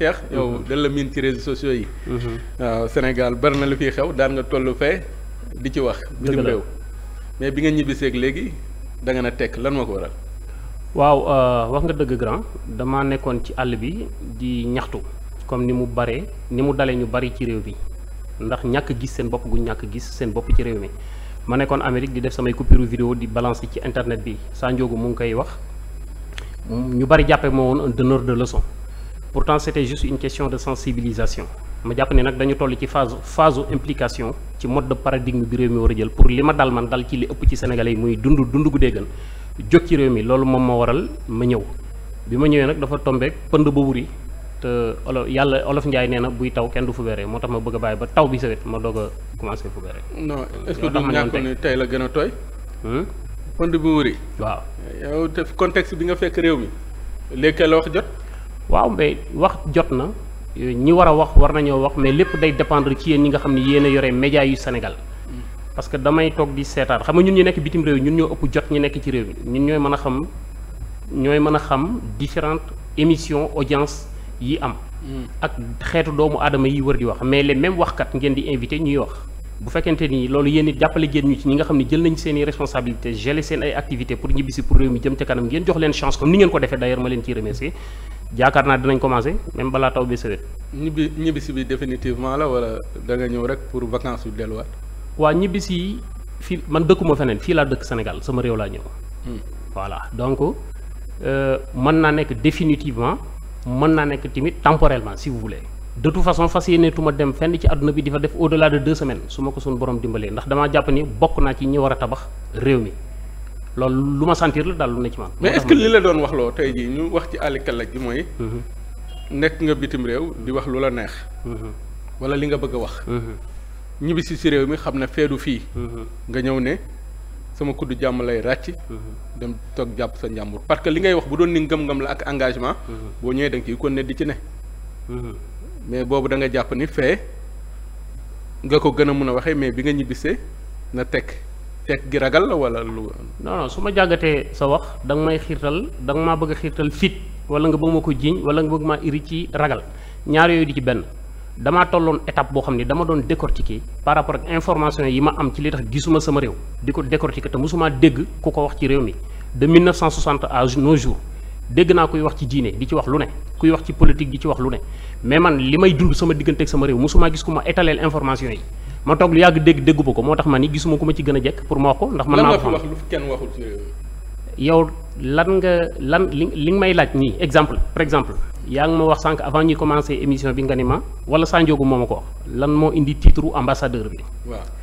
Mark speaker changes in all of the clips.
Speaker 1: Cheikh yow mhm. dañ la miin ci réseaux sociaux yi. Mhm. waaw Sénégal bari na lu fi xew daan nga toll fee di ci wax. bitim réew mais bi nga ñibbiseeg léegi da nga na tekk lan moo ko
Speaker 2: waral. waaw euh, wax nga dëgg grand dama nekkoon ci àll bi di ñaxtu comme ni mu baree ni mu dalee ñu bari ci réew bi ndax ñàkk gis seen bopp gu ñàkk gis seen bopp ci réew mi ma nekkoon Amérique di def samay coupure vidéo di balancer ci internet bi Sa Ndiogou mu ngi koy wax ñu bari jàppee moo woon un donneur de leçon pourtant c'était juste une question de sensibilisation ma jàpp ne nag dañu toll ci phase phase implication ci mode de paradigme bi réew mi war a jël pour li ma dal man dal ci li ëpp ci sénégalais yi muy dund dund gu déggan jóg ci réew mi loolu moom moo waral ma ñëw bi ma ñëwee nag dafa tombeek pënd ba wuri te olof yàlla olof Ndiaye nee na buy taw kenn du fubéré moo tax ma bëgg a bàyyi ba taw bi sawet ma doog a commencé fubéré. non est-ce que du ne
Speaker 1: tey la gën a tooy. Hmm? pënd bu waaw yow bi nga fekk réew mi léegi la wax
Speaker 2: waaw mais wax jot na ñi war a wax war nañoo wax mais lépp day dépendre ci yéen ñi nga xam ne yéen a yore média yu Sénégal parce que damay toog di seetaan xam nga ñun ñu nekk bitim réew ñun ñoo ëpp jot ñu nekk ci réew mi ñun ñooy mën a xam ñooy mën a xam différentes émissions audience yi am. Mm. ak xeetu doomu aadama yi war di wax mais les mêmes waxkat ngeen di invité ñuy wax. bu fekkente ni loolu yéen it jàppale ngeen ñu ci ñi nga xam ne jël nañ seen i responsabilité gelé seen ay activité pour ñibbisi pour réew mi jëm ca kanam ngeen jox leen chance comme ni ngeen ko defee d'ailleurs ma leen ciy remercier jaakaar naa dinañ commencer même balaa taw bi sawet
Speaker 1: ñibbi ñibbisi bi définitivement la wala da nga ñëw rek pour vacances yu delluwaat
Speaker 2: waa ñibbisi yi fii man dëkkuma feneen fii laa dëkk Sénégal sama réew laa ñëw hmm. voilà donc euh, mën naa nekk définitivement mën naa nekk tamit temporellement si vous voulez de toute façon fas yéeneetuma dem fenn ci àdduna bi di fa def au delà de deux semaines su ma ko suñu borom dimbalee ndax damaa jàpp ni bokk naa ci ñi war a tabax réew mi loolu lu ma sentir la daal lu ne ci man. mais est-ce que li
Speaker 1: la doon wax loo tey jii ñu wax ci àll kàlla gi mooy. Mhm. nekk nga bitim réew di wax lu la neex. Mhm. wala li nga bëgg a wax. Mhm. ñibbisi si réew mi xam ne feedu fii. nga ñëw ne sama kuddu jàmm lay ràcc. dem toog jàpp sa njàmbur parce que li ngay wax bu doon ni ngëm-ngëm la ak engagement. boo ñëwee da nga ciy kon ne di ci ne. mais boobu da nga jàpp ni fee nga ko gën a mën a waxee mais bi nga ñibbisee na tekk tekk gi ragal la wala lu.
Speaker 2: non su ma jàggatee sa wax da nga may xiirtal da nga bëgg a xiirtal fit wala nga bëgg ma ko jiiñ wala nga bëgg maa iri ci ragal ñaar yooyu di ci benn damaa tolloon étape boo xam ne dama doon décortiquer par rapport ak information yi ma am ci li tax gisuma sama réew di ko décortiquer te mosuma dégg ku ko wax ci réew mi de 1960 à nos jours. dégg naa kuy wax ci diine di ci wax lu ne kuy wax ci politique di ci wax lu ne mais man li may dund sama diggante ak sama réew mosuma gis ku ma étaleel information yi ma toog lu yàgg dégg déggu ko moo tax ma ni gisuma ku ma ci gën a jekk pour ma wax ko ndax mën naa ko
Speaker 1: xam wax
Speaker 2: yow lan nga lan li li nga may laaj nii exemple par exemple yaa ngi ma wax sànq avant ñu commencé émission bi nga ni ma wala Sandiogou moo moom ko wax lan moo indi titre ambassadeur bi waaw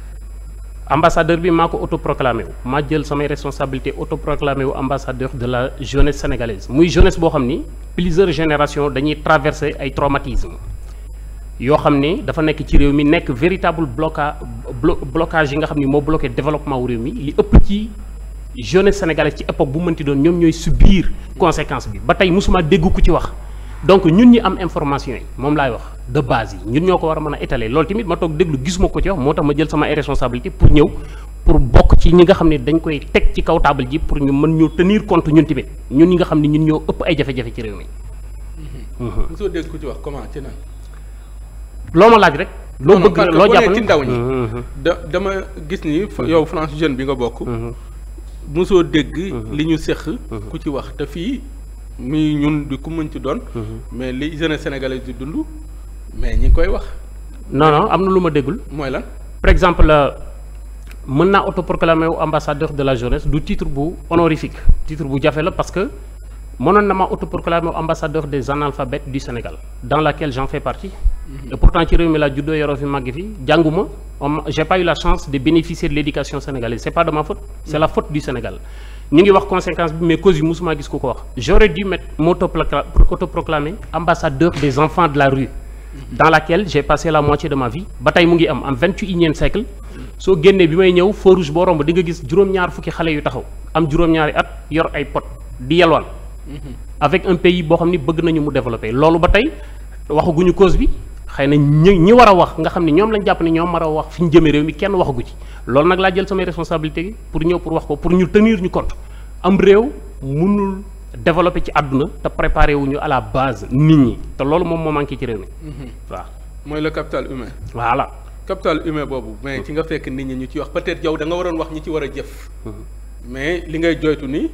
Speaker 2: ambassadeur bi maa ko autoproclamé wu maa jël samay responsabilité autoproclamé wu ambassadeur de la jeunesse sénégalaise muy jeunesse boo xam ni plusieurs générations dañuy traverser ay traumatisme yoo xam ne dafa nekk ci réew mi nekk véritable bloca blocage yi nga xam ni moo bloqué développement wu réew mi li ëpp ci jeunesse sénégalaise ci époque bu mënti doon ñoom ñooy subir conséquence bi ba tey mosuma dégg ku ci wax donc ñun ñi am information yi moom laay wax de base yi ñun ñoo ko war a mën a étaler loolu tamit ma toog déglu gisuma ko ci wax moo tax ma jël sama responsabilité pour ñëw pour bokk ci ñi nga xam ne dañ koy teg ci kaw table ji pour ñu mën ñoo tenir compte ñun tamit ñun ñi nga xam ne ñun ñoo ëpp ay jafe-jafe ci réew mi. Mm-hmm.
Speaker 1: Mm-hmm. ku ci wax comment ci
Speaker 2: loo ma laaj rek. loo bëgg loo jàpp ci ndaw ñi.
Speaker 1: Mm-hmm. da dama gis ni yow France jeune bi nga bokk. mosoo dégg. li ñu seq. ku ci wax te fii. muy ñun di ku mën ci doon. Mhm. mais li jeunesse sénégalaise di dund mais ñi koy wax.
Speaker 2: non am na lu ma déggul. mooy la par exemple mën naa autoproclamer wu ambassadeur de la jeunesse du titre bu honorifique titre bu jafe la parce que mënoon na ma autoproclamer wu ambassadeur des analphabètes du Sénégal dans laquelle j'en fais partie. Mhm. et pourtant ci réew mi laa juddoo yoroo fi màgg fi jànguma j'ai pas eu la chance de bénéficier de l'éducation sénégalaise c'est pas de ñu ngi wax conséquence bi mais cause yi mosuma gis ku ko wax j'aurais dû mettre m'autoproclamer ambassadeur des enfants de la rue dans laquelle j'ai passé la moitié de ma vie ba tey mu ngi am am vingt-et-unième siècle soo génnee bi may ñëw feu rouge boo romb di nga gis juróom-ñaar fukki xale yu taxaw am juróom-ñaari at yor ay pot di yelwaan mm-hmm. avec un pays boo xam ni bëgg nañu mu développer loolu ba tey waxaguñu cause bi xëy na ñi ñi war a wax nga xam ne ñoom lañ jàpp ne ñoom war a wax fi ñu jëmee réew mi kenn waxagu ci loolu nag laa jël samay responsabilité pour ñëw pour wax ko pour ñu tenir ñu compte am réew mënul développé ci àdduna te préparé wuñu à la base nit ñi te loolu moom moo manqué ci réew mi mhm. waaw
Speaker 1: mooy la capital humain voilà capital humain boobu mais ci nga fekk nit ñi ñu ci wax peut-être yow nga waroon wax ñu ci war a jëf mhm. mais li ngay joytu nii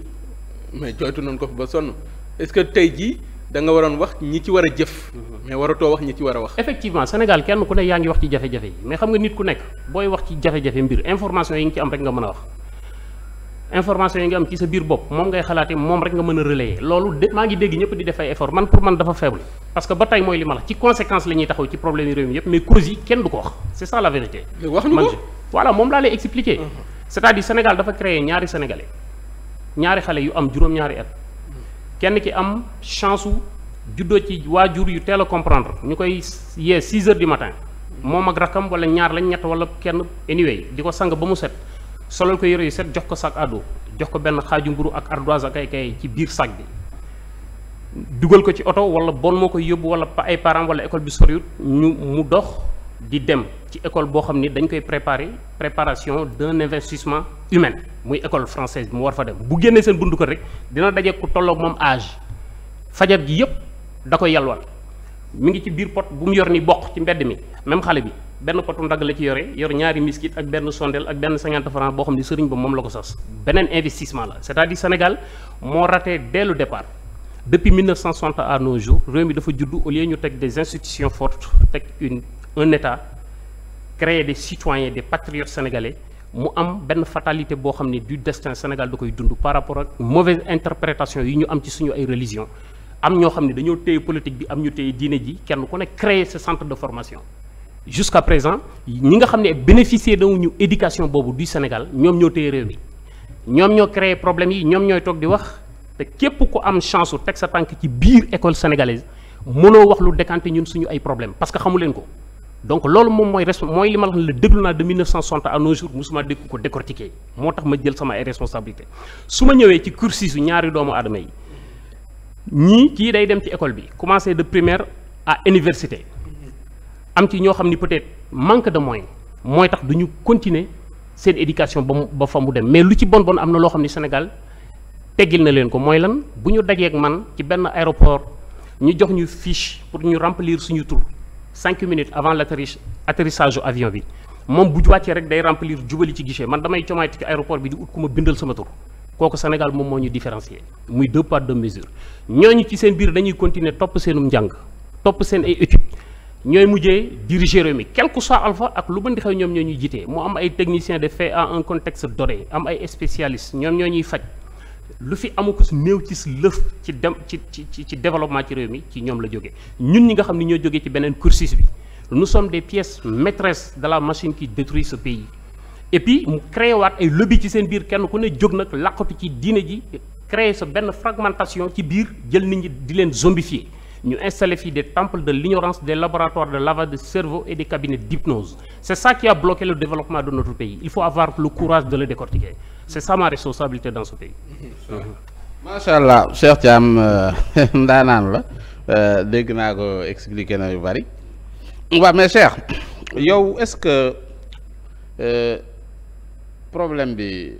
Speaker 1: mais joytu nañ ko ba sonn est-ce que tey jii danga waroon wax ñi ci war a jëf. Mhm. mais
Speaker 2: waratoo wax ñi ci war a wax. effectivement Sénégal kenn ku ne yaa ngi wax ci jafe-jafe yi mais xam nga nit ku nekk booy wax ci jafe-jafe mbir information yi nga ci am rek nga mën a wax. information yi nga ci sa biir bopp moom ngay xalaatee moom rek nga mën a relayer loolu maa ngi dégg ñëpp di def ay effort man pour man dafa faible parce que ba tey mooy li ma la ci conséquence la ñuy taxaw ci problème yi réew mi yëpp mais cause yi kenn du ko vérité. wax nu ko moom laa lay expliquer. Mhm. c'est-à-dire Sénégal dafa créer ñaari sénégalais ñaari xale yu am juróom-ñaari at kenn ki am chance su juddoo ci waajur yu teel comprendre ñu koy yee 6 heures du matin moom ak rakam wala ñaar lañ ñett wala kenn anyway di ko sang ba mu set solal ko yére yu set jox ko sac à dos jox ko benn xaaju mburu ak ardoise ak ay kay ci biir sac bi dugal ko ci oto wala bon moo koy yóbbu wala ay parents wala école bi soriwut ñu mu dox di dem ci école boo xam ni dañ koy préparer préparation de investissement humain muy école française bi mu war fa dem bu génnee seen bundu ko rek dina daje ku tolloog moom âge fajar gi yëpp da koy yalwal mi ngi ci biir pot bu mu yor ni bokk ci mbedd mi même xale bi benn potu ndagg la ci yore yor ñaari miskit ak benn sondel ak benn cinquante franc boo xam ni sëriñ ba moom la ko sos beneen investissement la c'est-à-dire Sénégal moo raté dès le départ dafa juddu au lieu ñu teg des institutions un état créer des citoyens des patriotes sénégalais mu am benn fatalité boo xam ne du destin Sénégal da koy dund par rapport ak mauvaise interprétation yi ñu am ci suñu ay religion am ñoo xam ne dañoo téye politique bi am ñu téye diine ji kenn ku ne créer ce centre de formation jusqu'à présent ñi nga xam ne bénéficier dawuñu éducation boobu du Sénégal ñoom ñoo téye réew mi ñoom ñoo créer problème yi ñoom ñooy toog di wax te képp ku am chance su teg sa tànk ci biir école sénégalaise mënoo wax lu décanté ñun suñu ay problème parce que xamu leen ko donc loolu moom mooy res mooy li ma la wax ne la déglu naa de 1960 à nos jours musuma dégg ko décortiquer moo tax ma jël sama ay responsabilité su ma ñëwee ci cursus yu ñaari doomu aadama yi ñii kii day dem ci école bi commencé de primaire à université am ci ñoo xam ni peut-être manque de moyens mooy tax du ñu continuer seen éducation ba mu ba fa mu dem mais lu ci bon bon am na loo xam ni Sénégal teggil na leen ko mooy lan bu ñu dajeeg man ci benn aéroport ñu jox ñu fiche pour ñu remplir suñu tur. cinq minutes avant l'atterrissage atterrissage avion bi moom bu wàccee rek day remplir jubali ci guichet man damay comaati ci aéroport bi di ut ku ma bindal sama tur kooku Sénégal moom moo ñu différencier muy deux poids deux ñoo ñooñu ci seen biir dañuy continuer topp seenum njàng topp seen ay études ñooy mujjee diriger mi quel que soit alpha ak lu mën di xew ñoom ñoo ñuy jiitee mu am ay techniciens de fait en un contexte doré am ay spécialistes ñoom ñoo ñuy faj lu fi amu ko su néew ci lëf ci dem ci ci ci développement ci réew mi ci ñoom la jóge ñun ñi nga xam ne ñoo jógee ci beneen cursus bi nous sommes des pièces maîtresses de la machine qui détruit ce pays et puis mu créé waat ay lobby ci seen biir kenn ku ne jóg nag làqatu ci diine ji créé sa benn fragmentation ci biir jël nit ñi di leen zombifier ñu installé fii des temples de l'ignorance des laboratoires de lavage de cerveau et des cabinets d'hypnose c'est ça qui a bloqué le développement de notre pays il c'est ça ma responsabilité dans ce pays.
Speaker 3: macha allah Cheikh Thiam euh, ndaanaan la euh, dégg naa ko expliqué na yu bari waaw mais Cheikh yow est-ce que euh, problème bi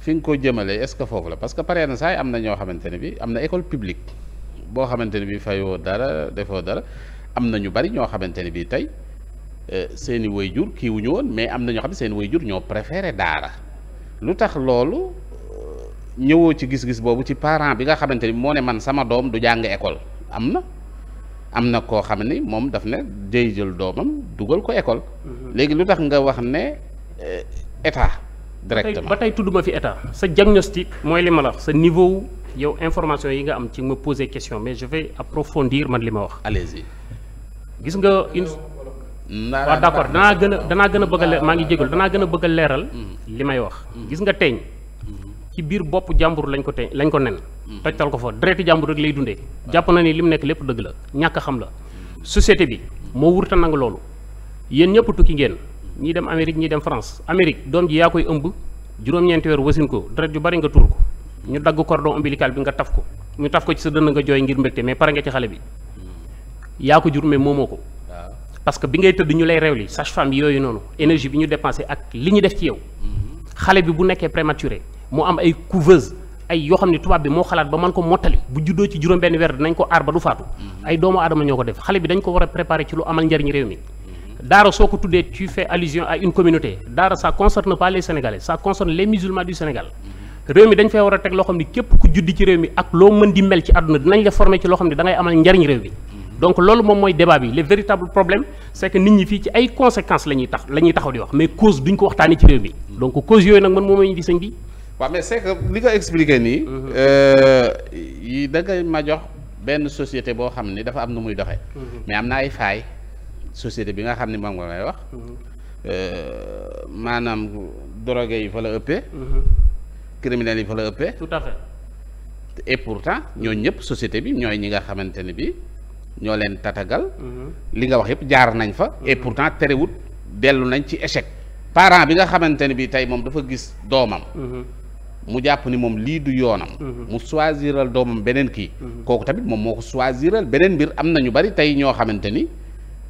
Speaker 3: fi nga ko jëmale est-ce que foofu la parce que paree na saay am na ñoo xamante ne bi am na école publique boo xamante ne bi fayoo dara defoo dara am na ñu bari ñoo xamante ne bi tey seeni wayjur jur kiiwuñu woon mais am na ñoo xam ne seeni jur ñoo préféré daara. lu tax loolu euh, ñëwoo ci gis-gis boobu ci parent bi nga xamante ni moo ne man sama doom du jàng école am na am na koo xam ni moom daf ne day jël doomam dugal ko école. Mhm. léegi lu tax nga wax ne euh, état. directement ba tey tudduma fi état sa diagnostic mooy li ma
Speaker 2: la wax sa niveau yow information yi nga am ci ma poser question mais je vais approfondir man li ma wax. allez yi gis nga une.
Speaker 3: waaw d'accord danaa gën
Speaker 2: danaa gën a bëgg maa ngi jégalu danaa gën bëgg a leeral mm-hmm. li may wax mm-hmm. gis nga teeñ mm-hmm. ci biir bopp jàmbur lañ ko teeñ lañ ko nen tojtal ko fa dereti jàmbur rek lay dundee jàpp na ni li mu nekk lépp dëgg la ñàkk xam la société bi moo wurta nangu loolu yéen ñëpp tukki ngeen ñii dem Amérique ñii dem France Amérique doom ji yaa koy ëmb juróom-ñeenti weer wasin ko deret ju bari nga tuur ko ñu dagg cordon ombilical bi nga taf ko ñu taf ko ci sa dënn nga jooy ngir mbégte mais pare nga ci xale bi yaa jur mais moomoo ko parce que bi ngay tëdd ñu lay réewli sage-femme yooyu noonu énergie bi ñu dépensé ak li ñu def ci yow xale bi bu nekkee prématuré mu am ay couveuse ay yoo xam ne tubaab bi moo xalaat ba mën ko mottali bu juddoo ci juróom benn weer dinañ ko aar ba du faatu ay doomu aadama ñoo ko def xale bi dañ ko war a préparer ci lu amal njariñ réew mi daara soo ko tuddee tu fais allusion à une communauté daara ça concerne pas les sénégalais ça concerne les musulmans war a teg loo xam képp ku juddi ci réew mi ak loo mën di mel ci àdduna dinañ la ci loo xam ne da ngay amal donc loolu moom mooy débat bi le véritable problème c' nit ñi fii ci ay conséquences la ñuy tax la ñuy taxaw di wax mais
Speaker 3: cause duñ ko waxtaanee ci réew mi donc cause yooyu nag man moom ñu di sëñ bi. waaw mais c' li nga expliqué nii. Mhm. Euh, yi da ma jox benn société boo xam ni dafa am nu muy doxe mhm. mais am na ay faay société bi nga xam ni moom nga may wax. Mhm. Euh, maanaam drogué yi fa la ëppee. criminels yi fa la ëppee. et pourtant ñooñ ñëpp société bi ñooy ñi nga xamante ne bii. ñoo leen tatagal. Mhm. li nga wax yëpp jaar nañ fa. et mhm. pourtant terewut dellu nañ ci échec. parent bi nga xamante ne bii tey moom dafa gis doomam. Mhm. mu jàpp ni moom lii du yoonam. mu choisiral doomam beneen kii. kooku tamit moom moo ko choisiral beneen mbir am na ñu bari tey ñoo xamante ni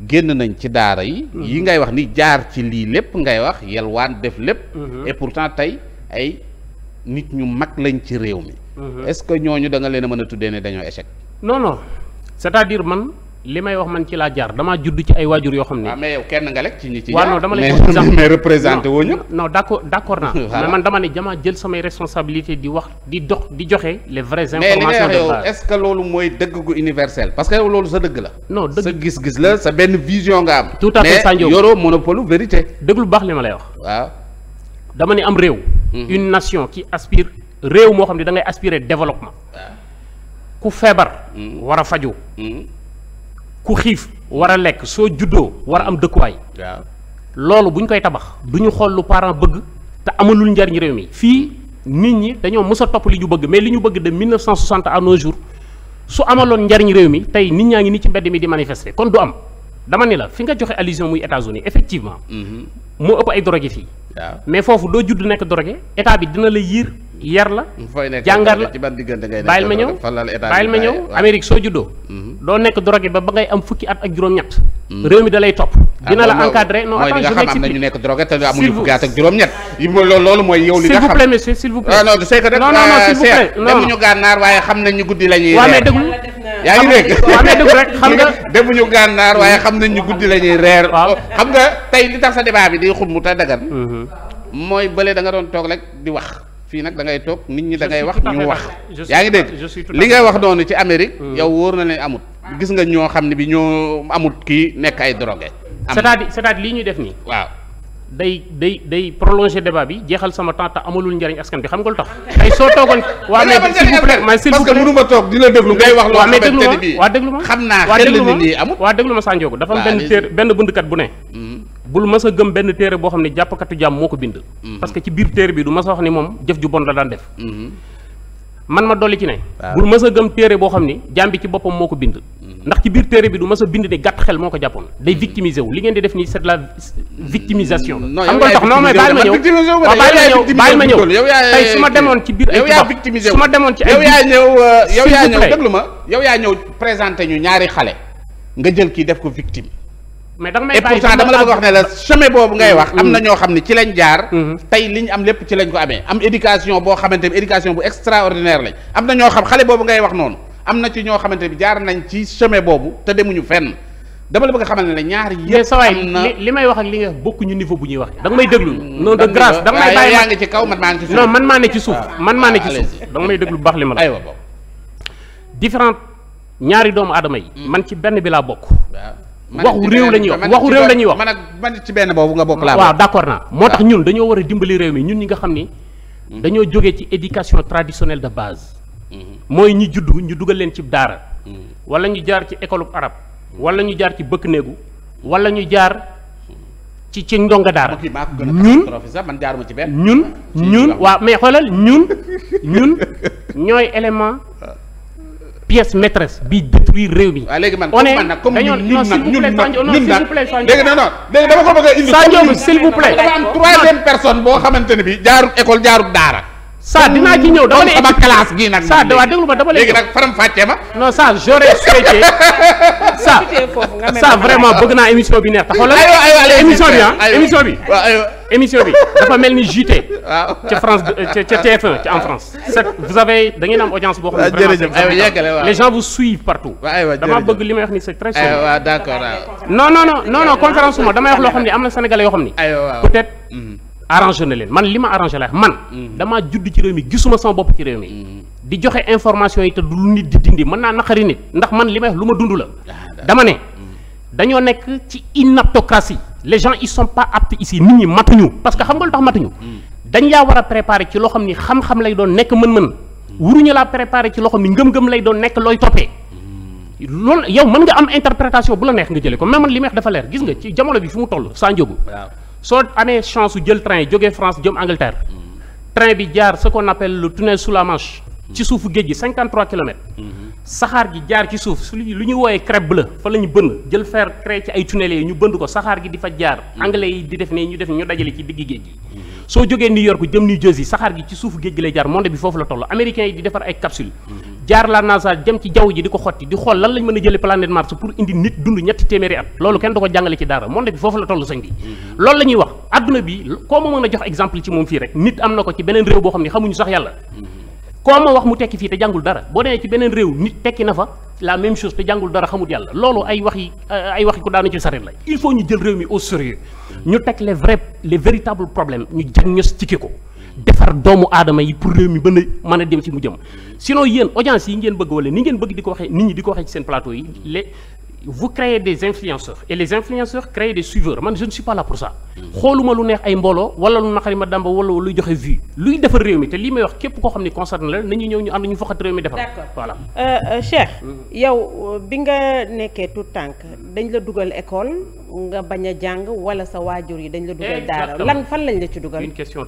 Speaker 3: génn nañ ci daara yi. yi ngay wax ni jaar ci lii lépp ngay wax yelwaan def lépp. et pourtant tey ay nit ñu mag lañ ci réew mi. est-ce que ñooñu da nga leen a mën a tuddee ne dañoo échec. c'est-à-dire man
Speaker 2: li may wax man ci laa jaar dama judd ci ay waajur yoo xam ne. waaw ah, mais yow kenn nga lekk ci ñi ci jaar. waaw non dama lay représenté woo ñu.
Speaker 3: non d'accord d'accord naa. man
Speaker 2: dama ne dama jël samay responsabilité di wax di dox di joxe les vraies informations de
Speaker 3: est-ce que loolu mooy dëgg gu universel parce que yow loolu sa dëgg la. non dëgg sa gis-gis la sa benn vision nga am. tout à fait mais yoroo monopole vérité. dëgg lu baax
Speaker 2: li ma lay wax. waaw dama ne am réew. Mhm. une nation qui aspire réew moo xam ne da ngay aspirer développement. ku feebar mm, war a faju mm, ku xiif war a lekk soo juddoo war a am dëkkuwaay loolu bu ñu koy tabax du ñu xool lu parent bëgg te amalul njariñ réew mi fii nit ñi dañoo mës a topp li ñu bëgg mais li ñu bëgg de 1960 à nos jours su amaloon njariñ réew mi tey nit ñaa ngi ni ci mbedd mi di manifester kon du am dama ni la fi nga joxe allusion muy États-Unis effectivement mhm. moo ëpp ay drogué fii mais foofu doo juddu nekk drogué état bi dina la yiir yar la. Mm, jàngar la bàyyil ma ñëw bàyyil ma ñëw Amérique soo juddoo. Mm-hmm. doo nekk drogué ba ba ngay am fukki at ak juróom-ñett. Mm-hmm.
Speaker 3: réew mi da lay topp. Ah, dina la encadré non attends mooy am na at ak juróom-ñett. loolu mooy yow li nga xam s'il vous plaît
Speaker 2: monsieur s'il vous plaît. non ah, non c'est que nag. non non euh, s'il vous plaît non demuñu gànnaar
Speaker 3: waaye xam nañ ñu guddi la ñuy reer. waaw mais déglu yaa ngi dégg xam nga. demuñu gànnaar waaye xam nañ ñu guddi la ñuy reer. xam nga tey li tax sa débat bi di xumb te dagan mm-hmm. mooy bële da nga doon toog rek di wax fii nag da ngay toog nit ñi da ngay wax ñu wax yaa ngi dégg li ngay wax noonu ci Amérique hmm. yow wóor na ne amut hmm. gis nga ñoo xam ne bi ñoo amut kii nekk ay drogué c'est-à-dire cest à lii ñuy def nii waaw day
Speaker 2: day day prolonger débat bi jeexal sama temps te amalul njariñ askan bi xam nga lu tax tey
Speaker 3: soo toogoon waa mais s'il vous plaît man s'il vous plaît parce que mënu toog dina déglu ngay wax loo mais déglu ma
Speaker 2: waa déglu ma xam naa xel ni lii amut waa déglu ma ko dafa am benn téer benn bundkat bu ne hmm. bul ma a gëm benn téere boo xam ne jàppkatu jàmm moo ko bind. Mhm. parce que ci biir téere bi du mas a wax ni moom jëf ju bon la daan def. Mhm. man ma dolli ci ne. bul ma a gëm téere boo xam ni jàmm ci boppam moo ko bind. Mhm. ndax ci biir téere bi du ma a bind ne gàtt xel moo ko jàppoon. day victimiser wu li ngeen di def nii c'est de la victimisation. Mm, xam na tax non mais bàyyi ma ñëw waaw bàyyi ma ñëw tey su ma demoon ci biir. ay tubaab
Speaker 3: su ma demoon ci ay yow yaa ñëw euh, yow yaa ma yow yaa ñëw présenté ñu ñaari xale nga jël kii def ko victime mais danga may bàyyi dama la bëgg wax ne la chemin boobu ngay wax. am na mm-hmm. ñoo xam ne ci lañ jaar. Mm-hmm. tey li ñu am lépp ci lañ ko amee am éducation boo xamante ni éducation bu extraordinaire lañ am na ñoo xam xale boobu ngay wax noonu am na ci ñoo xamante ni jaar nañ ci chemin boobu te demuñu fenn. dama la bëgg a xamal ne ñaar yëpp am na li may wax ak li nga bokkuñu niveau
Speaker 2: bu ñuy wax da nga may déglu ah, non de grâce da nga may ah, bàyyi yaa ngi
Speaker 3: ci kaw man maa ngi man
Speaker 2: maa ne ci suuf man maa ne ci suuf ah, da nga may déglu bu baax li ma la ñaari doomu aadama yi mm. man ci benn bi laa bokk waxu réew la ñuy wax waxu réew la ñuy man
Speaker 3: ak man ci benn boobu nga bokk laa waaw
Speaker 2: d'accord naa moo tax ñun dañoo war a dimbali réew mi ñun ñi nga xam ni hmm. dañoo jógee ci éducation traditionnelle de base hmm. mooy ñi juddu ñu dugal leen ci daara hmm. walla ñu jaar ci école arab walla ñu jaar ci bëkk néegu walla ñu jaar ci ci ndonga daara ñun ñun ñun waaw mais xoolal ñun ñun ñooy élément ah. pièce maîtresse bi détruire réew mi. waaw léegi man comme man nag comme ñun ñun nag ñun nag léegi dama ko bëgg a indi. Sadio s'il vous plaît
Speaker 3: boo xamante ne bi jaarut école jaarut daara. saa dinaa ci ñëw dama lay sama classe gi nag saa waaw déglu ma dama lay léegi nag faram fàccee ma non saa j'aurais bëgg naa
Speaker 2: émission bi neex te xoolal émission bi ah émission bi dafa mel ni JT waaw France ca TF1 ca en France c'est vous avez da ngeen am audience boo xam ne ah, vraiment les gens vous suivent partout dama bëgg li may wax xam ne am na sénégalais yoo ni arrangé na leen man li ma arrangé la man. Mm-hmm. dama judd ci réew mi gisuma sama bopp ci réew mi. Mm-hmm. di joxe information yi te du lu nit di dindi mën naa naqari nit ndax man li may wax lu ma dund la. Ah, dama ne mm-hmm. dañoo nekk ci inaptocratie les gens ils sont pas aptes ici nit ñi matuñu parce que xam nga lu tax matuñu. dañ yaa war a préparer ci loo xam ni xam-xam lay doon nekk mën-mën. wuruñu laa préparer ci loo xam ni ngëm-ngëm lay doon nekk looy toppee. loolu yow mën nga am interprétation bu la neex nga jëlee ko mais man dafa leer gis nga ci jamono bi fi toll Sanjogu. waaw soo amee chance su jël train jóge France jëm Angleterre train bi jaar ce qu'on appelle le tunnel sous la Manche ci suufu géej gi 53 kilomètres. saxaar gi jaar ci suuf su lu ñuy wooyee crêpe bleue fa la ñu bënn jël fer créé ci ay tunnel yi ñu bënd ko saxaar gi di fa jaar. anglais yi di def ne ñu def ñu dajale ci digg géej gi. soo jógee New York jëm New Jersey saxaar gi ci suuf géej gi lay jaar monde bi foofu la toll américains yi di defar ay capsule mhm. jaar la NASA jëm ci jaww ji di ko xotti di xool lan lañ mën a jëlee planète Mars pour indi nit dund ñetti téeméeri at loolu kenn du ko jàngale ci daara monde bi foofu la toll sëñ bi mhm. loolu la wax adduna bi koo ma mën a jox exemple ci moom fii rek nit am na ko ci beneen réew boo xam ne xamuñu sax yàlla mhm. koo ma wax mu tekki fii jàngul dara boo demee ci beneen réew nit tekki na fa la même chose te jàngul dara xamul yàlla loolu ay wax yi ay wax yi ko daanu ci sareet la il faut ñu jël réew mi au sérieux ñu teg les vrais les véritables problèmes ñu diagnostiqué ko defar doomu aadama yi pour réew mi bën a mën a dem ci mu jëm sinon yéen audience yi ngeen bëgg wala ni ngeen bëgg di ko waxee nit ñi di ko waxee ci seen plateau yi les vous créez des influenceurs et les influenceurs créent des suiveurs man je ne suis pas là pour ça. xooluma lu neex ay mbooloo wala lu naqari ma damba wala luy joxe vue luy defar réew mi te lii may wax képp koo xam ne concerne la nañu ñëw ñu ànd ñu foxat réew mi defar. d'accord voilà.
Speaker 4: Euh, euh, Cheikh. Mm-hmm. yow bi nga nekkee tout tànk dañ la dugal école nga bañ a jàng wala sa waajur yi dañ la dugal. daara lan
Speaker 2: fan lañ la ci dugal. une question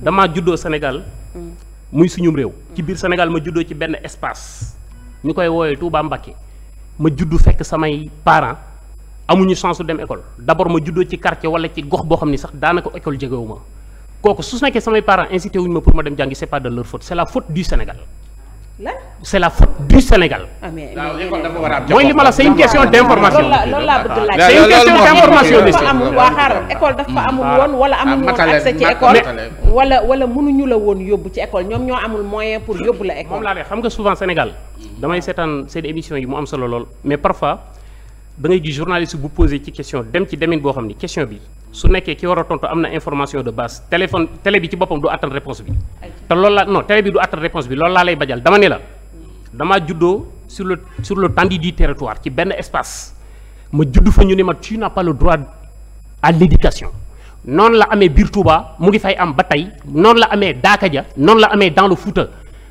Speaker 2: damaa juddoo Sénégal. Mm. muy suñum réew. ci mm. biir Sénégal ma juddoo ci benn espace. ñu koy woowee Touba Mbacké. ma juddu fekk samay parents amuñu chance su dem école d'abord ma juddoo ci quartier wala ci gox boo xam ni sax daanaka école jegewu ma kooku su nekkee samay parent incité wuñ ma pour ma dem jàngi c'est pas de leur faute du Sénégal. la c'est la faute du Sénégal.
Speaker 4: Ah, ah, mooy li ma la c'est une question d'information. loolu la loolu laa bëgg laaj. c'est une question d'information de si. waa xaaral école dafa ah, amul woon. wala amuñu woon accès ci école. wala wala mënuñu la woon yóbbu ci ecole ñoom ñoo amul moyen pour yóbbu la école. moom laa
Speaker 2: de xam nga souvent Sénégal damay seetaan seen émission yi mu am solo lool mais parfois da nga gis journaliste bu posé ci question dem ci demin boo xam ni question bi su nekkee ki war a tontu am na information de base téléphone télé bi ci boppam du attan réponse bi te lool laa non télé bi du attan réponse bi loolu laa lay bajal dama ne la damaa juddoo sur le sur le tandis du territoire ci benn espace ma juddu fa ñu ni ma tu n'as pas le droit à l'éducation noonu la amee biir Touba mu ngi fay am ba tey noonu la amee Daaka ja noonu la amee dans le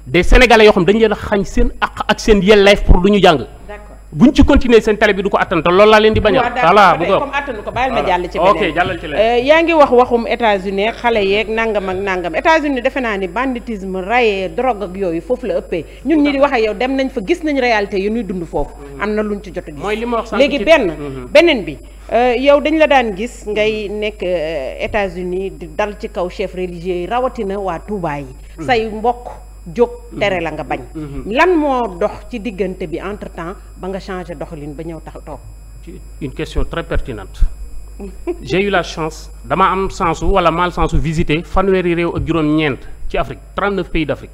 Speaker 2: des sénégal yoo xam dañu leen a xañ seen àq ak seen yelleef pour du ñu jàng. d'accord buñ ci continuer seen télé bi du ko attan te loolu laa leen di bañ a. voilà bu ko comme
Speaker 4: attanu ko bàyyil euh, yaa ngi wax waxum États-Unis xale yeeg nangam ak nangam États-Unis defe naa ni banditisme rayé drogue ak yooyu foofu la ëppee ñun ñi di wax yow dem nañ fa gis nañ réalité yu ñuy dund foofu. Mm. am na luñ ci jot mooy
Speaker 2: li ma wax léegi benn mm-hmm.
Speaker 4: beneen bi. Euh, yow dañ la daan gis ngay nekk euh, États-Unis di dal ci kaw chef religieux yi rawatina waa Touba yi mm. say mbokk jóg mhm. tere la nga bañ mhm. lan moo dox ci diggante bi entre temps ba nga changé doxalin ba ñëw tax toog
Speaker 2: une question très pertinente j'ai la chance dama am chance wala mal chance visiter fanweeri réew ak juróom-ñeent ci Afrique 39 pays d'Afrique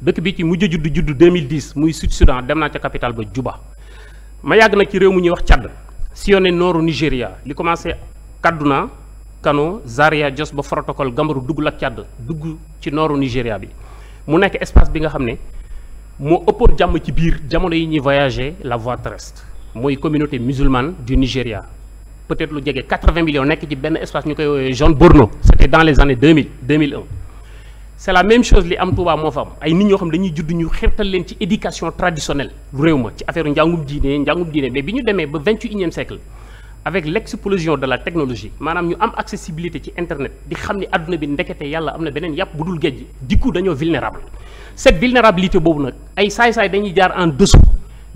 Speaker 2: dëkk bi ci mujj judd judd 2010 muy sud Soudan dem naa ca capitale ba Juba ma yàgg nag ci réew mu ñuy wax Tchad sillonné nooru Nigéria li commencé Kaduna Kano Zaria Jos ba protocole Gambaru dugg la Tchad dugg ci nooru bi mu nekk espace bi nga xam ne moo ëppoon jàmm ci biir jamono yi ñuy voyager la voie terrestre mooy communauté musulmane du Nigéria peut-être lu jege 80 millions nekk ci benn espace ñu koy woowee Jean Borno c'était dans les années 2000 2001 c'est la même chose li am Touba moo fa am ay nit ñoo xam dañuy judd ñu xirtal leen ci éducation traditionnelle réew ma ci affaire njàngum diine njàngum diine mais bi ñu demee ba 21e siècle avec l'explosion de la technologie maanaam ñu am accessibilité ci internet di xam ne adduna bi ndekete yàlla am na beneen yàpp bu dul géej di ko dañoo vulnérable cette vulnérabilité boobu nag ay saay-saay dañuy jaar en dessous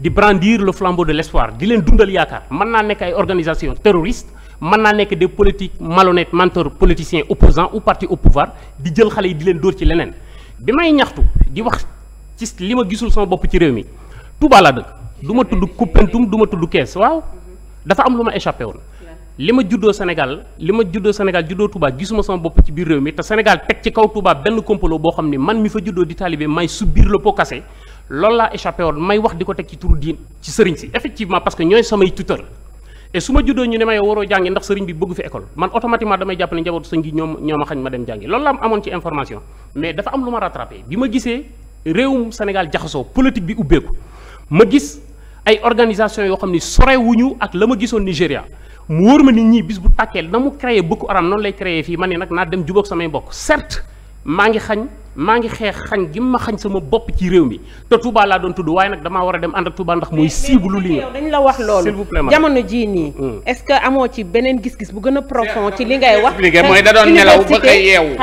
Speaker 2: di brandir le flambeau de l'espoir di leen dundal yaakaar mën naa nekk ay organisation terroriste mën naa nekk des politiques malhonnêtes menteurs politiciens opposants ou parti au pouvoir di jël xale yi di leen dóor ci leneen bi may ñaxtu di wax ci li ma gisul sama bopp ci réew mi Touba laa dëkk du ma tudd Koupentoum du ma tudd Kees dafa am lu ma échappé woon. li ma juddoo Sénégal li ma juddoo Sénégal juddoo tubaa gisuma sama bopp ci biir réew mi te Sénégal teg ci kaw Touba benn complot boo xam ni man mi fa juddoo di taalibe may subir le pot cassé loolu laa échappé woon may wax di ko teg ci turu diin ci sëriñ si effectivement parce que ñooy samay tuteur et su ma juddoo ñu ne may waroo jàngi ndax sëriñ bi bëgg fi école man automatiquement damay jàpp ne njabootu sëñ a xañ ma dem jàngi loolu la am amoon ci mais dafa am lu ma rattrapé bi ma gisee réewum Sénégal jaxasoo politique bi ubbeeku ma gis ay organisation yoo xam ni sorewuñu ak la ma gisoon Nigéria mu wóor ma nit ñi bis bu tàkkee na mu créé bukk Haram noonu lay créé fii man ne nag naa dem jubóog samay mbokk certes maa ngi xañ maa ngi xeex xañ gi ma xañ sama bopp ci réew mi te Touba laa doon tudd waaye nag damaa war a dem ànd ak Touba ndax mooy siiblu li nga dañ la wax loolu jamono ji nii mm.
Speaker 4: est-ce que amoo ci beneen gis-gis bu gën a ci li ngay wax mooy da doon nelaw ba koy yeewu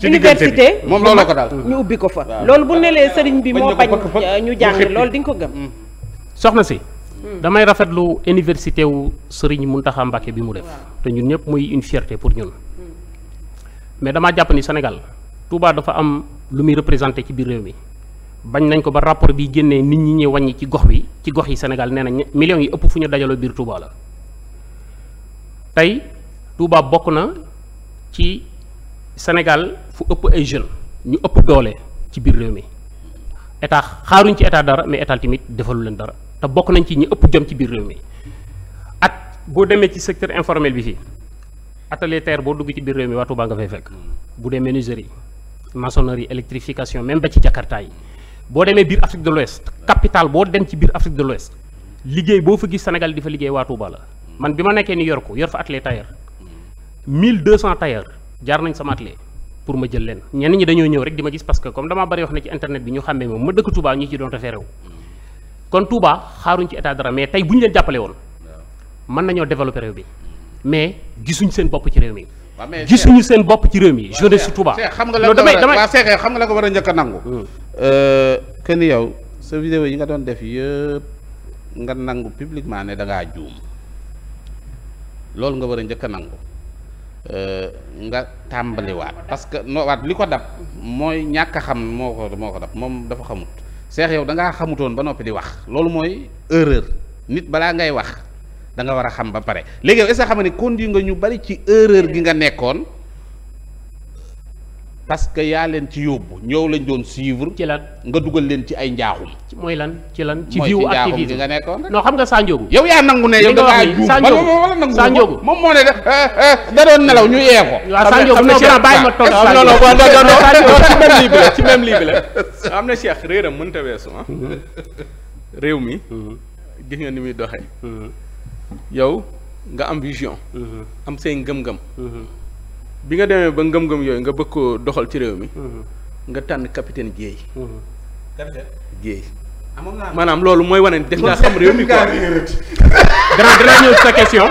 Speaker 4: ci université ko daal ñu ubbi ko fa loolu bu nelee sëriñ bi moo bañ euh, ñu jàng loolu di nga ko gëm mm.
Speaker 2: soxna si. damay rafetlu université wu Serigne Mountakha Mbacké bi mu def. te ñun ñëpp muy une fierté pour ñun. mais damaa jàpp ni Sénégal Touba dafa am lu muy représenté ci biir réew mi bañ nañ ko ba rapport bi génnee nit ñi ñuy wàññi ci gox bi ci gox yi Sénégal nee nañ millions yi ëpp fu ñu dajaloo biir Touba la tey Touba bokk na ci Sénégal fu ëpp ay jeunes ñu ëpp doole ci biir réew mi état xaaruñ ci état dara mais état tamit defalu leen dara. te bokk nañ ci ñi ëpp jom ci biir réew mi at boo demee ci secteur informel bi fii atelier terre boo dugg ci biir réew mi waa Touba nga fay fekk bu dee menuiserie maçonnerie électrification même ba ci Jakarta yi boo demee biir Afrique de l'Ouest capitale boo dem ci biir Afrique de l'Ouest liggéey boo fa gis Sénégal di fa liggéey waatu Touba la man bi ma nekkee ni yor ko yor fa atelier tailleur 1200 tailleur jaar nañ sama atelier pour ma jël leen ñenn ñi kon Touba xaaruñ ci état dara mais tey bu ñu leen jàppale woon mën nañoo développer bi mais gisuñ seen bopp ci réew mi. waaw mais gisuñu seen bopp ci réew mi.
Speaker 3: jeunesse Touba xam nga la xam nga la ko war a njëkk a nangu. Hmm. Euh, que yow sa vidéo yi nga doon def yëpp nga nangu publiquement ne da ngaa juum loolu nga war a njëkk a nangu euh, nga tàmbaliwaat parce que noo waat li ko dab mooy ñàkk xam moo ko moo ko dab moom dafa xamut. seex yow da ngaa xamutoon ba noppi di wax loolu mooy erreur nit balaa ngay wax da nga war a xam ba pare léegi yow est-ce que xam nga ne conduit nga ñu bari ci erreur gi nga nekkoon parce que yaa leen ci yóbbu ñëw lañ doon suivre. ci lan nga dugal leen ci ay njaaxum.
Speaker 2: mooy lan ci lan ci viwu activisme nga
Speaker 3: nekkoon noo xam nga Sanjogu. yow yaa nangu ne yow da ngaa juum Sanjogu moom moo ne de eh, eh, da bi la ci même lii bi la
Speaker 1: am ah. mhm. mhm. mhm. nga am vision. am say ngëm-ngëm. bi nga demee ba ngëm-ngëm yooyu nga bëgg koo doxal ci réew mi. Mhm. nga tànn capitaine Dieye. Mhm. capitaine Dieye. maanaam loolu mooy wane def nga xam réew mi quoi.
Speaker 2: grand dina ñëw sa question.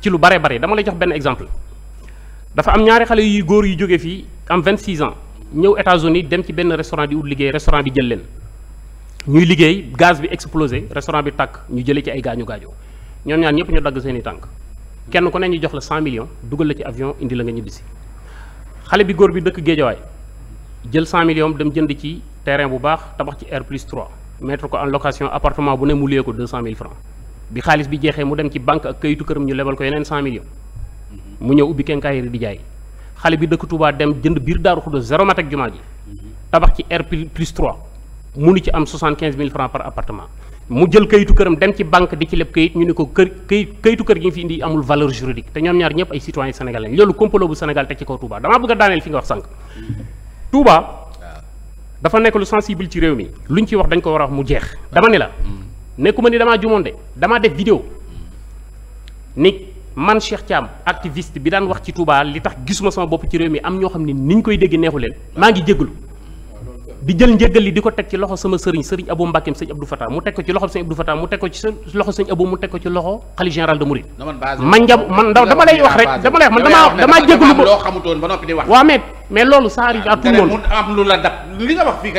Speaker 2: ci lu bare bare dama lay jox benn exemple dafa am ñaari xale yu góor yu jóge fii am 26 ans ñëw États-Unis dem ci benn restaurant di ut liggéey restaurant bi jël leen ñuy liggéey gaz bi explosé restaurant bi tàkk ñu jëlee ci ay gaañu gaañu ñoom ñaan ñëpp ñu dagg seen i tànk kenn ku ne ñu jox la 100 million dugal la ci avion indi la nga ñibbisi xale bi góor bi dëkk Géejawaay jël 100 millions dem jënd ci terrain bu baax tabax ci R plus 3 mettre ko en location appartement bu ne mu luyee ko 200 000 francs bi xaalis bi jeexee mu dem ci banque ak kayitu këram ñu lebal ko yeneen 100 millions mu ñëw ubbi kenkaayiri di jaay xale bi dëkk Touba dem jënd biir Daaru Xudoos zéro mat ak jumaa ji tabax ci R plus 3 munu ci am 75 000 francs par appartement mu jël kayitu këram dem ci banque di ci leb kayit ñu ne ko kër kayit kayitu kër gi nga fi indi amul valeur juridique te ñoom ñaar ñëpp ay citoyens sénégalais loolu complot bu Sénégal teg ci kaw Touba a daaneel fi nga dafa nekk lu sensible ci réew mi luñ ci wax dañ ko war a mu jeex dama ne la mm. nekkuma ni damaa jumoon de damaa def vidéo ni man Cheikh Thiam activiste bi daan wax ci Touba li tax gisuma sama bopp ci réew mi am ñoo xam ne niñ koy dégg neexu leen maa ngi jéggalu di jël njëggal li di ko teg ci loxo sama sëriñ sëriñ Abou Mbakem sëñ Abdou Fatah mu teg ci loxo sëñ Abdou Fatah mu teg ko ci loxo sëñ Abou mu teg ko ci loxo xali général de Mouride.
Speaker 3: man njab man dama lay wax rek dama lay wax man damaa damaa jégalu ba loo xamutoon ba noppi di
Speaker 2: wax. waaw mais mais
Speaker 3: loolu ça arrive à tout am lu la dab li nga wax fii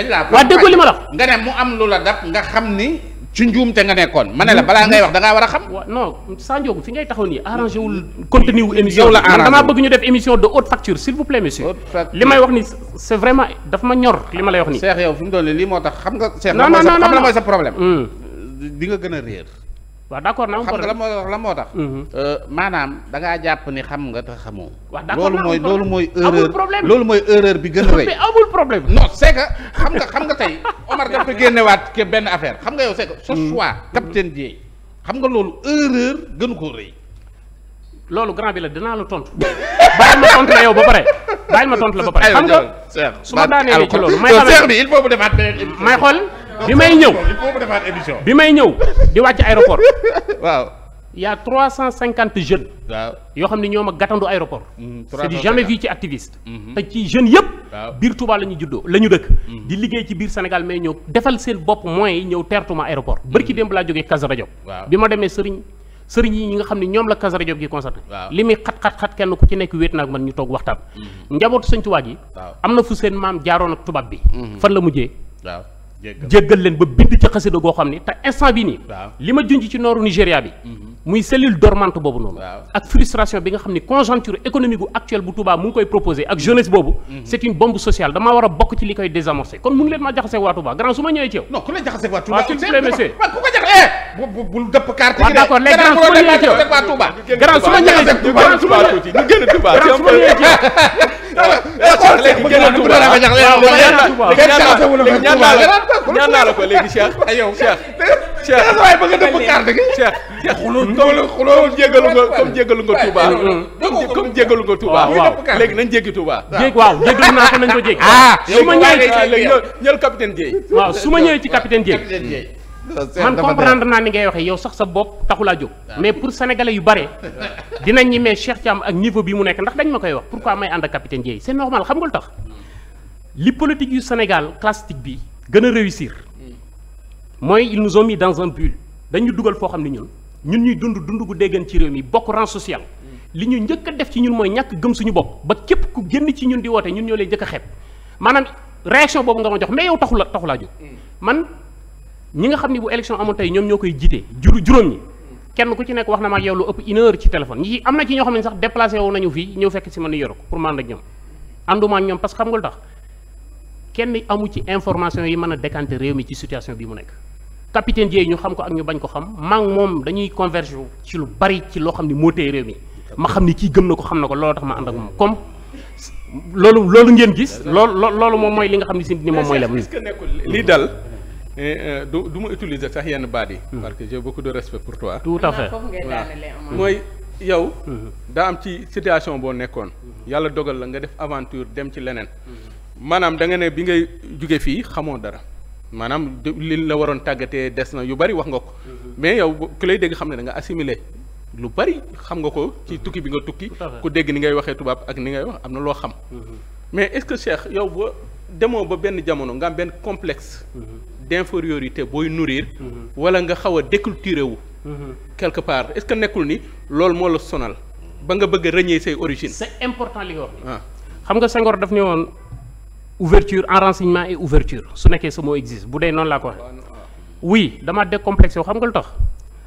Speaker 3: nga xam ni ci te nga nekkoon ma ne la balaa ngay wax da ngaa war a xam. waaw non Sa Ndiogou fi ngay taxaw
Speaker 2: nii arrangé wul contenu wu émission. yow la arrangé man damaa bëgg ñu def émission de haute facture s'il vous monsieur. li
Speaker 3: may wax ni c'est vraiment daf ma ñor li ma lay wax nii. Cheikh yow fi mu lii moo tax xam nga. Cheikh lan mooy sa problème hmm. di nga gën a réer waaw d'accord naa xam nga la moo la moo tax mhm. euh, maanaam da ngaa jàpp ni xam nga te xamoo loolu mooy loolu mooy loolu mooy erreur bi gën a rëy amul problème non c'est xam nga xam nga tey Omar dafa génnewaat ke benn affaire xam nga yow c'est que ce mhm. choix capitaine Dieye xam nga loolu erreur gënu koo rëy
Speaker 2: loolu grand bi la dinaa la tontu bàyyil ma tontu la yow ba pare bàyyil ma tontu la ba pare xam nga
Speaker 3: su ma daanee loolu may xamee
Speaker 2: il faut bu defaat beneen may xool bi may ñëw bi may ñëw di wàcc aéroport waaw y a trois cent cinquante jeunes waaw yoo xam ne ñoo ma gàttandu aéroport mm-hmm. c'est du jamais vu ci activiste mm-hmm. te ci jeunes yëpp biir Touba la ñu juddoo la ñu dëkk mm-hmm. di liggéey ci biir Sénégal mais ñëw defal seen bopp mooy yi ñëw teertuma aéroport bërki démb laa jógee Kazu Rajab bi ma demee sëriñ sëriñ yi ñi nga xam ne ñoom la Kazu Rajab gi concerné li muy xat-xat-xat kenn ku ci nekk wéet naag man ñu toog waxtaan njabootu sëñ Tuubaa gi am na fu seen maam jaaroon ak tubaab bi fan la mujjee jéggal leen ba bind ci xasida goo xam ni te instant bi nii li ma junj ci nooru Nigéria bi mhm. muy cellule dormante boobu noonu ak frustration bi nga xam ni conjoncture économique bu actuelle bu Touba mu ngi koy proposé ak jeunesse boobu mhm. c'est une bombe sociale damaa war a bokk ci li koy désamorcer kon mënu leen maa jaxasee waa Touba grand su ma ñëwee ci yow non eh, bu dëpp carte gi d'accord léegi su ma ñëwee ci yow
Speaker 3: su ma
Speaker 1: ñëwee ci
Speaker 3: léegi
Speaker 1: génn Touba léegi ñaan naa la ñaan naa la ko léegi Cheikh yow Cheikh Cheikh waaye ba nga dëpp carte gi Cheikh Cheikh xulul xulul jégalu nga comme jégalu nga Touba comme jégalu waaw jégalu naa ko nañ su ma ñëwee ci capitaine Dieye
Speaker 3: man comprendre
Speaker 2: naa ni ngay waxee yow sax sa bopp taxulaa jóg ah. mais pour sénégalais yu bare dinañ ñemee Cheikh Thiam ak niveau bi mu nekk ndax dañ ma koy wax pourquoi may ànd ak capitaine Dieye c'est normal xam nga lu tax hmm. li politique yu Sénégal classique bi gën a réussir hmm. mooy ils nous ont mis dans un bulle dañu dugal foo xam ne ñun ñun ñuy dund dund gu gën ci réew mi bokk rang social hmm. li ñu njëkk a def ci ñun mooy ñàkk gëm suñu bopp ba képp ku génn ci ñun di woote ñun ñoo lay njëkk a xeeb maanaam réaction nga ma jox mais yow taxu la taxulaa jóg ñi nga xam ne bu élection amoon tey ñoom ñoo koy jiite juru juróom ñi kenn ku ci nekk wax na ma ak yow lu ëpp une ci téléphone ñi am na ci ñoo xam ne sax déplacé wu nañu fii ñëw fekk si man yoro ko pour man ak ñoom ànduma ak ñoom parce xam nga lu tax kenn amu ci information yi man a décanter réew mi ci situation bi mu nekk capitaine Dièye ñu xam ko ak ñu bañ ko xam maa moom dañuy wu ci lu bari ci loo xam ne moo téye réew mi ma xam ni kii gëm ko xam na ko loolu tax ma ànd ak moom comme loolu loolu ngeen gis loolu loolu moom mooy li nga xam ne moom mooy la
Speaker 1: lii dal et euh, du du ma utiliser sax yenn baat yi. Hmm. parce que j'ai ko de respect pour toi. tout à ah, fait mooy yow. Hmm. daa am ci situation boo nekkoon. Hmm. yàlla dogal la nga def aventure dem ci leneen. maanaam da nga ne bi ngay jóge fii xamoo dara. maanaam li la waroon tàggatee des na yu bari wax nga ko. mais yow ku lay dégg xam ne danga nga lu bari xam nga ko ci tukki bi nga tukki. ku dégg ni ngay waxee tubaab ak ni ngay wax am na loo xam. mais est-ce que Cheikh yow boo demoo ba benn jamono nga benn complexe. d'infériorité booy nourrir. Mm-hmm. wala nga xaw a wu. Mm-hmm. quelque part est-ce que nekkul ni loolu moo la sonal ba nga bëgg a rëñee say origine c'est
Speaker 2: important li nga wax. Ah. xam nga Senghor daf ne woon ouverture en renseignement et ouverture su nekkee sa existe bu dee noonu laa ko waxee. Ah, ah. oui dama décomplexé xam nga lu tax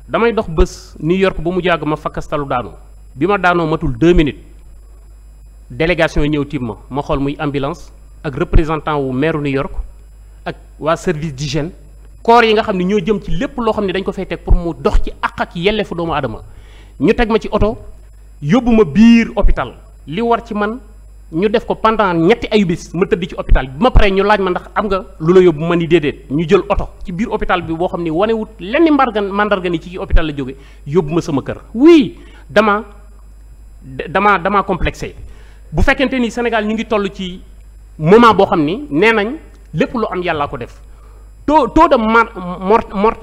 Speaker 2: damay dox bés New York ba mu jàgg ma fakkastalu daanu bi ma daanoo matul deux minutes délégation ñëw tiim ma ma xool muy ambulance ak représentant wu maire New York. ak waa service d'hygiène corps yi nga xam ne ñoo jëm ci lépp loo xam ne dañ ko fay teg pour mu dox ci àq ak yelleefu doomu adama ñu teg ma ci oto yóbbu ma biir hôpital li war ci man ñu def ko pendant ñetti ayubés ma tëdd ci hôpital bi ma paree ñu laaj ma ndax am nga lu la yóbbu ma ni déedéet ñu jël oto ci biir hôpital bi boo xam ne wanewut lenn mbargan mandarga ni ci hôpital la jóge yóbbu ma sama kër oui dama dama dama complexé bu fekkente ni Sénégal ñu ngi toll ci moment boo xam ni nee nañ lépp lu am yàllaa ko def taux taux de mort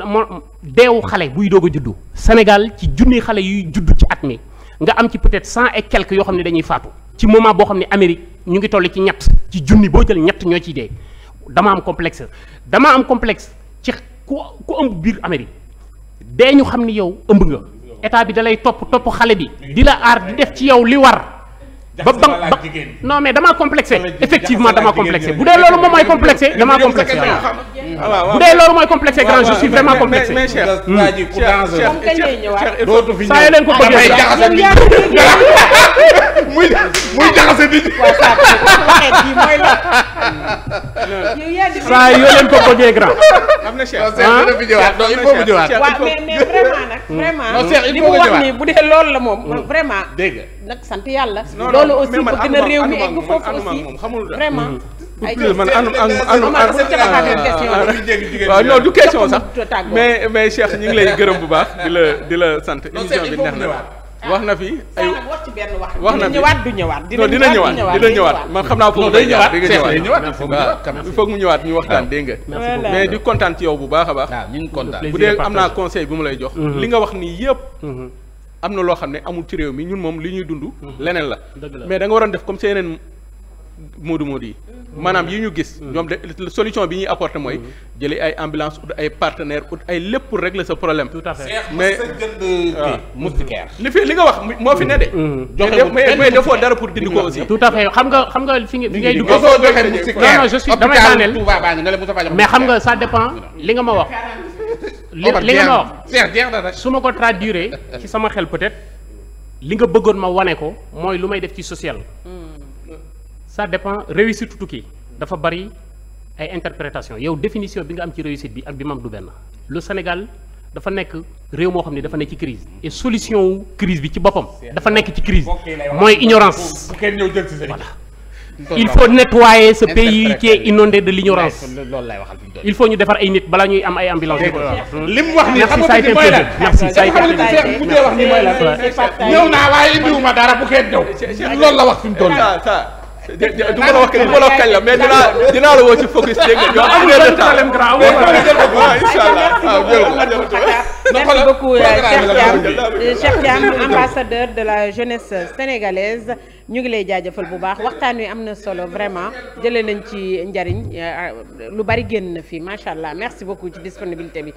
Speaker 2: mort deewu xale buy doog a juddu Sénégal ci junni xale yuy juddu ci at mi nga am ci peut-être cent et quelques yoo xam ne dañuy faatu ci moment boo xam ne Amérique ñu ngi toll ci ñett ci junni boo jël ñett ñoo ciy dee dama am complexe dama am complex ci ku ku ëmb biir Amérique dee ñu xam ni yow ëmb nga état bi dalay topp topp xale bi di la aar di def ci yow li war ba ba non mais damaa complexé effectivement damaa complexé bu dee loolu moom mooy complexé damaa complexé
Speaker 4: waaw
Speaker 1: bu dee loolu
Speaker 2: mooy complexé grand je suis vraiment complexé.
Speaker 1: saa yoo leen ko ko bëggee grand.
Speaker 4: li mu wax nii bu dee loolu la moom. Hmm. vraiment dégg nga nag sant yàlla. loolu aussi bëgg na réew mi egg foofu aussi vraiment. Mm-hmm. ay man anu anu ah, ah.
Speaker 1: waaw non du question sax mais mais Cheikh ñu ngi lay gërëm bu baax di la di la sant émission bi neex na waa ah. wax na fi
Speaker 4: ay wax ci benn wax wax na fi ñëwaat du ñëwaat dina ñëwaat dina ñëwaat
Speaker 1: man xam naa foofu day ñëwaat day ñëwaat il faut mu ñëwaat ñu waxtaan dégg nga mais di kontaan ci yow bu baax a baax bu dee am naa conseil bu mu lay jox mm-hmm. li nga wax nii yëpp mm-hmm. am na loo xam ne amul ci réew mi ñun moom li ñuy dund. Mhm. leneen la mais da nga waroon def comme seeneen moodu moodu yi. Mhm. maanaam yi ñu gis. Mhm. ñoom de solution bi ñuy apporter mooy. jëlee ay ambulance ut ay partenaire ut ay lépp pour régler sa problème. mais ah. li fi li nga wax moo fi ne de. joxe defoo dara pour dindi ko aussi.
Speaker 2: tout à fait xam nga xam nga fi nga fi ngay dugg. non non je suis damay daaneel mais xam nga ça dépend li nga ma wax. li li nga ma wax su ma ko traduire ci sama xel peut-être li nga bëggoon ma wane ko mooy lu may def ci social. sa hmm. dépend réussite tukki dafa bari ay interprétation yow definition bi nga am ci réussite bi ak bi mam du benn le Sénégal dafa nekk réew moo xam ne dafa nekk ci crise et solution wu crise bi ci boppam dafa nekk ci crise mooy ignorance voilà il faut nettoyer ce pays qui est inondé de l'ignorance il faut ñu defar ay nit balaa ñuy am ay ambulance li mu wax ni xam nga bi mooy lan merci say xam nga Cheikh bu dee wax ni mooy lan ñëw naa waaye indiwuma
Speaker 1: dara bu kenn ñëw la wax fi mu toll du ma la wax kañ la mais dinaa la woo ci focus dégg yow am ngeen temps amul
Speaker 4: problème jël ambassadeur de la jeunesse sénégalaise ñu ngi lay jaajëfal bu baax waxtaan wi am na solo vraiment jëlee nañ ci njariñ lu bari génn na fi macha allah merci beaucoup ci disponibilité bi